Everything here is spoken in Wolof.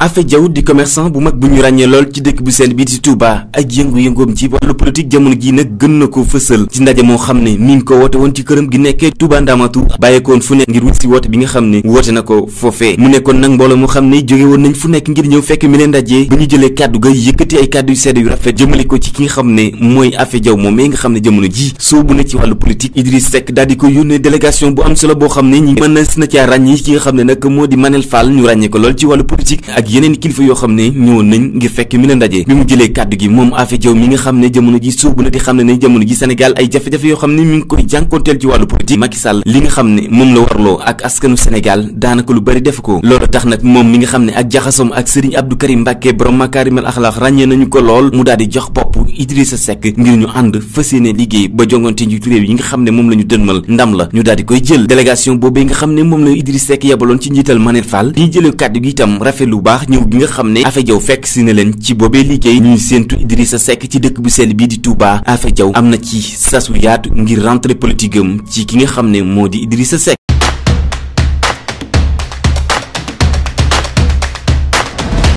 Afe Diaw di commerçant bu mag bu ñu ràññee lool ci dëkk bu seen bii di Touba ak yëngu-yëngoom ci wàllu politique jamono ji nag gën na ko fësal ci moo xam ne mi ngi ko woote woon ci këram gi nekkee Touba Ndamatu bàyyeekoon fu nekk ngir wut si woote bi nga xam ko foofee mu nekkoon nag mbooloo moo xam ne jóge woon nañ fu nekk ngir ñëw fekk mi leen dajee ba ñu jëlee kàddu ga yëkkati ay kàddu yu sedd yu rafet jëmale ko ci ki nga xam ne mooy Afe Diaw moom nga xam ne jamono ji soobu na ci wàllu politique Idriss Seck ko yónnee délégation bu am solo boo xam ne ñi mën na si na caa ràññi ki nga ak yeneen kilifa yoo xam ne ñëwoon nañ ngir fekk mi la ndaje bi mu jëlee kàddu gi moom Afia Diaw mi nga xam ne jamono ji sóobu na di xam ne ne jamono ji Sénégal ay jafe-jafe yoo xam ne mi ngi koy jànkonteel ci wàllu politique Macky Sall li nga xam ne moom la warloo ak askanu Sénégal daanaka lu bari def ko loolu tax nag moom mi nga xam ne ak jaxasoom ak Serigne Abdou Karim Mbacke borom Makarimal Akhlaq ràññee nañu ko lool mu daal di jox bopp Idrissa Seck ngir ñu ànd fas yéene liggéey ba jongante njiitu réew yi nga xam ne moom la ñu dënmal ndam la ñu daal di koy jël délégation boobee nga xam ne moom la Idrissa Seck yebaloon ci njiital Manet Fall di jëlee kàddu gi itam rafet lu baax ñëw gi nga xam ne Afe Jaw fekk si na leen ci boobee liggéey ñuy séentu Idrissa Seck ci dëkk bu sell bii di Touba Afe Jaw am na ci sasu yaatu ngir rentre politique am ci ki nga xam ne moo di Idrissa Seck